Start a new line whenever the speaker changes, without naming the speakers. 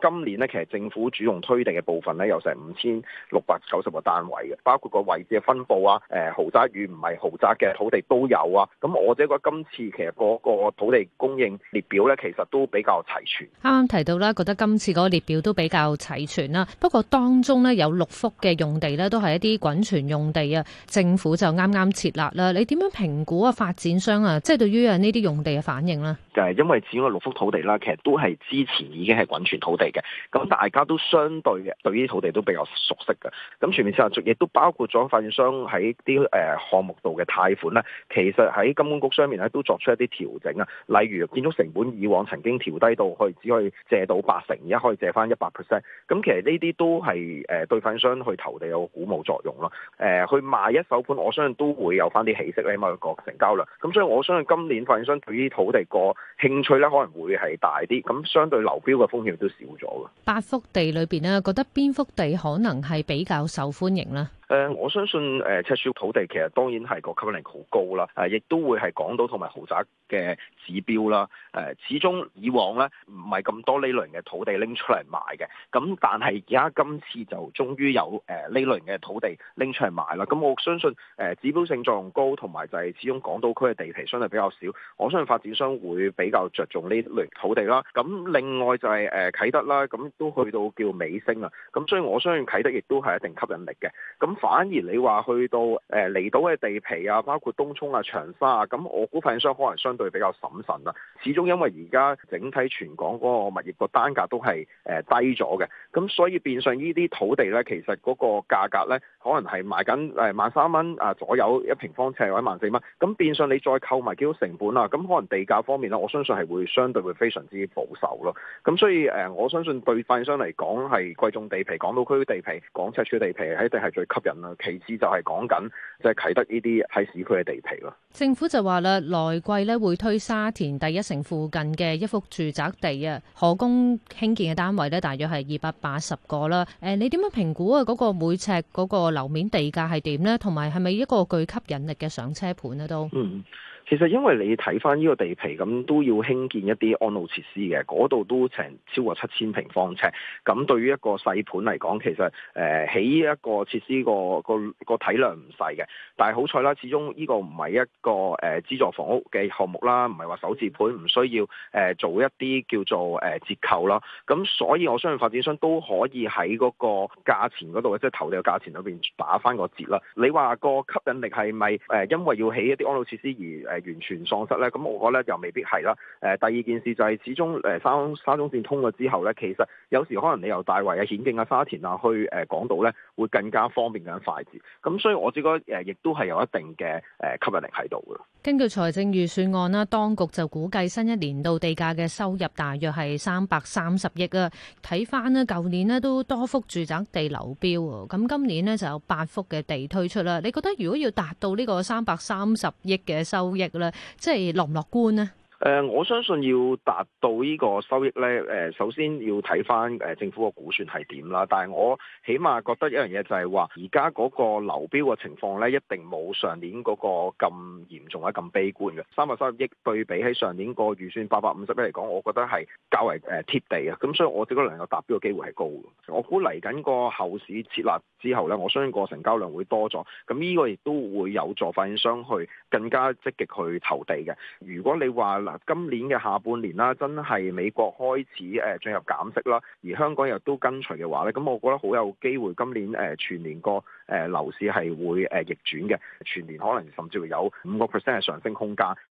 今年咧，其實政府主動推地嘅部分咧，有成五千六百九十個單位嘅，包括個位置嘅分布啊，誒豪宅與唔係豪宅嘅土地都有啊。咁我哋覺得今次其實嗰個土地供應列表咧，其實都比較齊全。
啱啱提到啦，覺得今次嗰個列表都比較齊全啦。不過當中咧，有六幅嘅用地咧，都係一啲滾存用地啊。政府就啱啱設立啦。你點樣評估啊？發展商啊，即係對於啊呢啲用地嘅反應呢？
就係因為其中六幅土地啦，其實都係之前已經係滾存土地。嘅，咁大家都相對嘅對於土地都比較熟悉嘅，咁全面性話亦都包括咗發展商喺啲誒項目度嘅貸款咧，其實喺金管局上面咧都作出一啲調整啊，例如建築成本以往曾經調低到去只可以借到八成，而家可以借翻一百 percent，咁其實呢啲都係誒對發展商去投地有鼓舞作用咯、呃，去賣一手盤，我相信都會有翻啲起色咧，咁個，個成交量，咁所以我相信今年發展商對於土地個興趣咧可能會係大啲，咁相對流標嘅風險都少。
八幅地裏邊咧，覺得邊幅地可能係比較受歡迎咧？
誒，我相信誒，赤柱土地其實當然係個吸引力好高啦，誒，亦都會係港島同埋豪宅嘅指標啦。誒，始終以往咧唔係咁多呢類型嘅土地拎出嚟賣嘅，咁但係而家今次就終於有呢類型嘅土地拎出嚟賣啦。咁我相信誒指標性作用高，同埋就係始終港島區嘅地皮相對比較少，我相信發展商會比較着重呢類土地啦。咁另外就係啟德啦，咁都去到叫尾聲啦。咁所以我相信啟德亦都係一定吸引力嘅。咁反而你話去到誒離島嘅地皮啊，包括東涌啊、長沙啊，咁我估發展商可能相對比較審慎啦。始終因為而家整體全港嗰個物業個單價都係低咗嘅，咁所以變相呢啲土地咧，其實嗰個價格咧，可能係賣緊萬三蚊啊左右一平方尺，或者萬四蚊。咁變相你再購買幾多成本啊？咁可能地價方面咧，我相信係會相對會非常之保守咯。咁所以我相信對發展商嚟講，係貴重地皮、港島區地皮、港赤柱地皮一定係最吸引。其次就係講緊，就係啟德呢啲喺市區嘅地皮咯。
政府就話啦，來季咧會推沙田第一城附近嘅一幅住宅地啊，可供興建嘅單位咧，大約係二百八十個啦。誒，你點樣評估啊？嗰個每尺嗰個樓面地價係點呢？同埋係咪一個具吸引力嘅上車盤呢？都嗯。
其實因為你睇翻呢個地皮咁，都要興建一啲安老設施嘅，嗰度都成超過七千平方尺。咁對於一個細盤嚟講，其實誒起、呃、一個設施個個個體量唔細嘅，但係好彩啦，始終呢個唔係一個誒、呃、資助房屋嘅項目啦，唔係話首置盤，唔需要誒、呃、做一啲叫做誒、呃、折扣啦。咁所以我相信發展商都可以喺嗰個價錢嗰度，即係投地嘅價錢裏面打翻個折啦。你話個吸引力係咪、呃、因為要起一啲安老設施而、呃完全喪失咧，咁我覺得又未必係啦。誒，第二件事就係，始終誒沙中線通咗之後咧，其實有時可能你由大圍啊、顯徑啊、沙田啊去誒港島咧，會更加方便，更快捷。咁所以我覺得誒，亦都係有一定嘅誒吸引力喺度嘅。
根據財政預算案啦，當局就估計新一年度地價嘅收入大約係三百三十億啊。睇翻呢舊年呢，都多幅住宅地流標喎，咁今年呢，就有八幅嘅地推出啦。你覺得如果要達到呢個三百三十億嘅收益，即係樂唔樂觀呢？
誒、呃，我相信要達到呢個收益呢，誒，首先要睇翻誒政府個估算係點啦。但係我起碼覺得一樣嘢就係話，而家嗰個流標嘅情況呢，一定冇上年嗰個咁嚴重或者咁悲觀嘅。三百三十億對比起上年個預算八百五十億嚟講，我覺得係較為誒貼地嘅。咁所以我只可能有達標嘅機會係高嘅。我估嚟緊個後市設立之後呢，我相信個成交量會多咗。咁呢個亦都會有助發展商去更加積極去投地嘅。如果你話，嗱，今年嘅下半年啦，真係美國開始誒進入減息啦，而香港又都跟隨嘅話咧，咁我覺得好有機會今年誒全年個誒樓市係會誒逆轉嘅，全年可能甚至會有五個 percent 嘅上升空間。